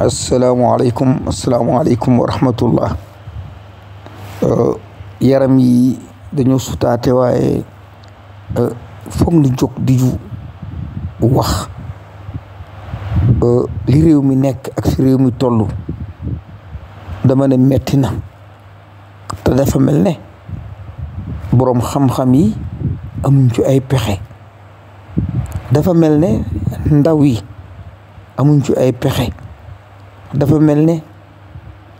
asalaamualeykum asalaamualeykum wa rahmatullah euh, yaram yi dañoo sutaate waaye euh, foog nu jóg di ju wax euh, li réew mi nekk ak fi réew mi toll dama ne mettina te dafa mel ne boroom xam-xam yi amuñ ci ay pexe dafa mel ne ndaw yi amuñ ci ay pexe dafa mel ne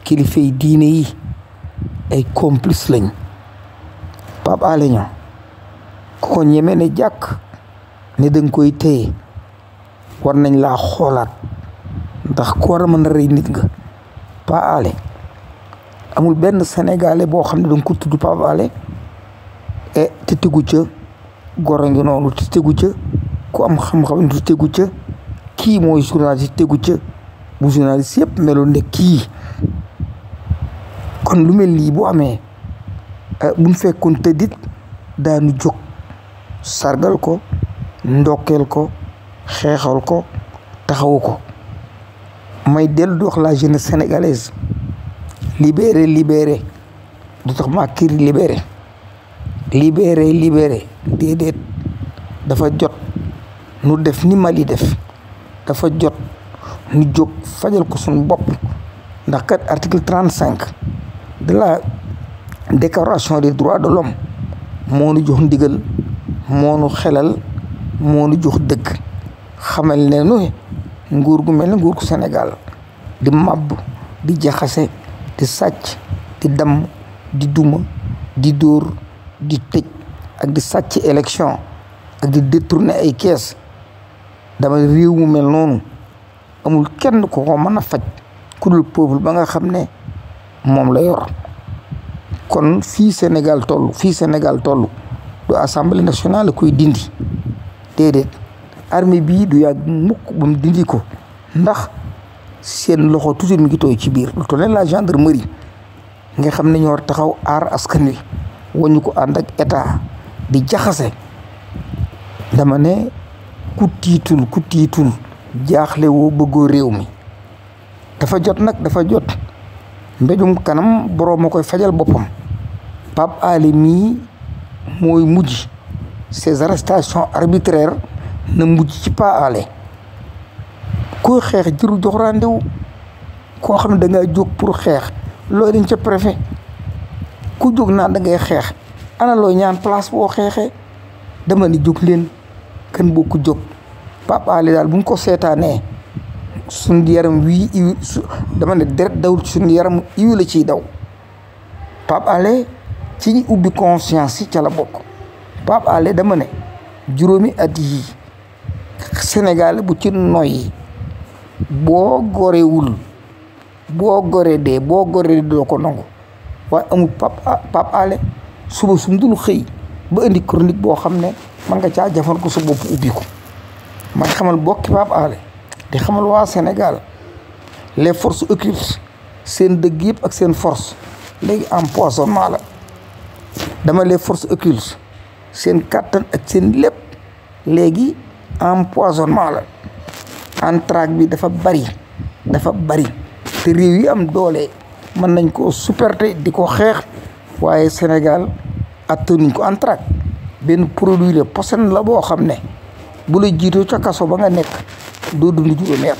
kilifay diine yi ay complice lañ Pape Alé Niang ku ko ñeme ne jàkk ne danga koy téye war nañ la xoolaat ndax ku war a mën a rey nit nga Pape Alé amul benn sénégalais boo xam ne danga ko tudd Pape Alé e te tegu ca goro ngi noonu te ca ku am xam-xam te tegu ca kii mooy journaliste tegu ca bu journaliste yëpp meloon ne kii kon lu mel nii bu amee eh, buñ fekkoon tëddit daanu jóg sargal ko ndokkeel ko xeexal ko taxawu ko may dellu di wax la jeunesse sénégalaise libéré libéré du tax maa kiri libéré libéré libéré déedéet dafa jot nu def ni Mali def dafa jot ñu jóg fajal ko suñu bopp ndax kat article trente cinq de la déclaration des droits de l'homme moo nu jox ndigal moo nu xelal moo nu jox dëgg xamal ne nu nguur gu mel ne nguur gu Sénégal di màbb di jaxase di sàcc di damm di duma di dóor di tëj ak di sàcc élection ak di détourner ay kees dama réew mel noonu amul kenn ku ko mën a faj ku dul peuple ba nga xam ne moom la yor kon fii Sénégal toll fii Sénégal toll du assemblée nationale kuy dindi déedéet armée bii du yàgg mukk ba mu dindi ko ndax seen loxo toujours mi ngi tooy ci biir lu toll la gendarmerie nga xam ne ñoo taxaw aar askan wi wañu ko ànd ak état di jaxase dama ne ku tiitul ku tiitul. jaaxle woo bëggoo réew mi dafa jot nag dafa jot mbéjum kanam boroom a koy fajal boppam Pape Alé mii mooy mujj ces arrestations arbitraires na mujj ci Pape Alé ku xeex jëru jox rendez koo xam ne da ngaa pour xeex looy dañ ca préfet ku jóg naa da ngay xeex ana looy ñaan place boo xeexee dama ni jóg leen kan boo ko jóg Pape Alé daal bu ñu ko seetaanee suñu yaram wii iw su dama ne deret dawul suñu yaram iw la ciy daw Pape Alé ci ñu ubbi conscience si ca la bokk Pape dama ne juróomi at yii Sénégal bu ci noyyi boo gorewul boo goree dee boo goree dee doo ko nangu waaye amul Pape suba sum dul xëy ba indi chronique boo xam ne man nga caa jafan ko sa bopp ubbi may xamal bokki Pape Alé di xamal waa Sénégal les force occultes seen dëgg yëpp ak seen force léegi empoisonnement la dama les force occultes seen kàttan ak seen lépp léegi empoisonnement la entraque bi dafa bari dafa bari te réew yi am doole mën nañ ko supporter di ko xeex waaye Sénégal attanuñ ko entraque benn produit la posen la boo xam ne bu la jiitoo ca kaso ba nga nekk doo dund juróomi at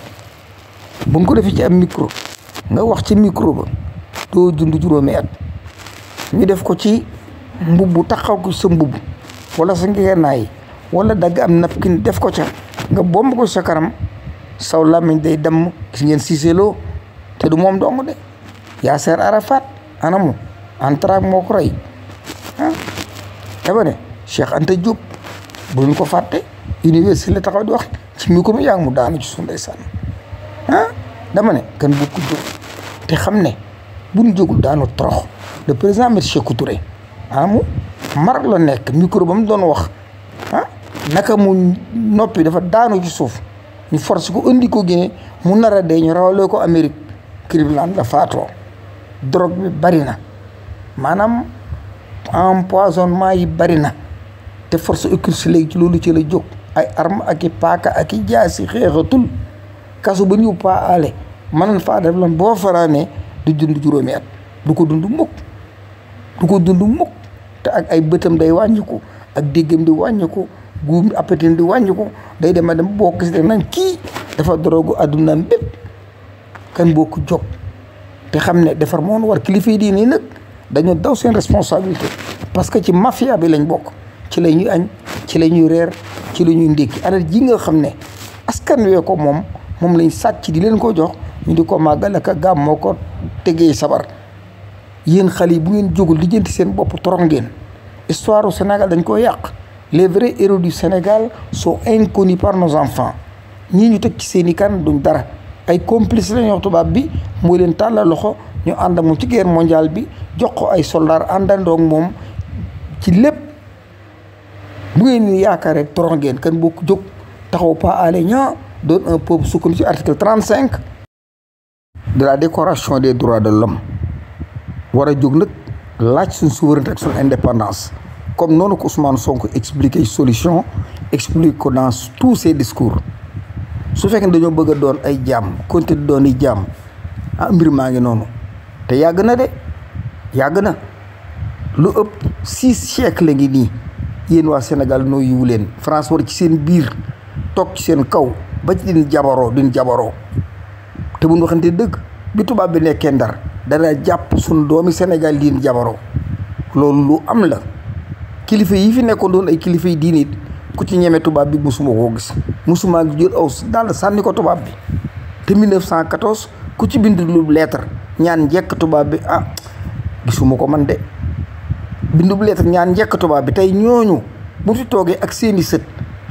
bu nga ko defee ci am micro nga wax ci micro ba doo dund juróomi at ñu def ko ci mbubb taxaw ko sa mbubb wala sa ngeenaay wala dagg am napkin def ko ca nga bomb ko sa karam saw làmmiñ day damm gis ngeen siiseeloo te du moom dong de Yaaser Arafat anamu antraak moo ko rey ah dama ne Cheikh Anta Diop bu ñu ko fàtte université la taxaw di wax ci micro yaa ngi mu daanu ci suuf ndeysaan ah dama ne kan bu ko te xam ne bu ñu jógul daanu torox le président Maître Sékou Touré ah mu Maroc la nekk micro ba mu doon wax ah naka mu noppi dafa daanu ci suuf ñu force ko indi ko Guinée mu nar a dee ñu rawalee ko Amérique criminel la faatoo drogue bi bari na maanaam empoisonnement yi bari na te force occulte léegi ci loolu ci lay jóg. ay arme ak i paaka ak i jaasi xeexatul kasu ba ñu pa ale manan faa def lan boo faraanee du dund juróomi at du ko dund mukk du ko dund mukk te ak ay bëtam day wàññiku ak déggam di wàññiku guum appétit di wàññiku day dema dem bokk si te kii dafa dorogu addunaam bépp kan boo ko jóg xam ne defar moon war kilifa di nii nag dañoo daw seen responsabilité parce que ci mafia bi lañ bokk ci la ñuy añ ci la ñuy reer ci lu ñuy ndékki alal ji nga xam ne askan wee ko moom moom lañ sàcc di leen ko jox ñu di ko màggal ak gàmmoo ko tegee sabar yéen xale yi bu ngeen jógul lijjanti seen bopp torong ngeen histoire du Sénégal dañ ko yàq les vrais héros du Sénégal soo inconnus par nos enfants ñii ñu teg ci seen i kan duñ dara ay complice la ñoo tubaab bi mooy leen tàllal loxo ñu ànd moom ci guerre mondiale bi jox ko ay soldats àndandoog moom ci lépp bu ngeen yaakaaree torox ngeen kan bokk jog taxaw pas ale ña doon un peuple sukkandiku ci article trente cinq de la déclaration des droits de l'homme war a jóg nag laaj suñ souveraineté ak suñ indépendance comme noonu ko Ousmane sonk expliqué solution explique ko dans tous ses discours su fekkee dañoo bëgg a doon ay jaam continuer doon i jaam ah mbir maa ngi noonu te yàgg na de yàgg na lu ëpp six siècles la ngi nii yéen waa Sénégal nooyuwu leen France war ci seen biir toog ci seen kaw ba ci din jabaroo din jabaroo te mun waxante dëgg bi tubaab bi nekkee ndar dana jàpp suñ doomi Sénégal din jabaroo loolu lu am la kilifa yi fi nekkoon doon ay kilifa yi diin ku ci ñeme tubaab bi musuma koo gis musuma gi jël aw daal sànni ko tubaab bi te 1914 ku ci bind lu lettre ñaan njekk tubaab bi ah gisuma ko man de bindub lettre ñaan njëkk tubaab bi tey ñooñu bu fi toogee ak seeni sët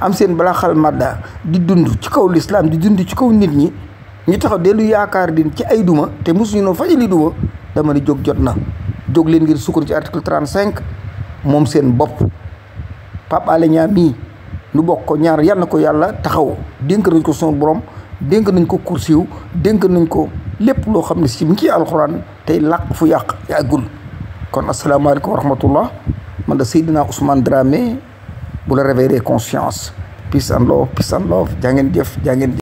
am seen balaa xal madda di dund ci kaw lislaam di dund ci kaw nit ñi ñu taxaw dellu yaakaar din ci ay duma te mosuñu noo fajali duma dama ni jóg jot na jóg leen ngir sukkandiku ci article 35 moom seen bopp Pape Alé Niang mii nu bokk ko ñaar yàlla ko yàlla taxaw dénk nañ ko son borom dénk nañ ko kursiw dénk nañ ko lépp loo xam ne si mu ngi alxuraan tey làq fu yàq yàggul kon asalaamaaleykum wa rahmatullah man da Seydina Ousmane Dramé bu la réveiller conscience peace and love peace and love jaa ngeen jëf jaa ngeen jëf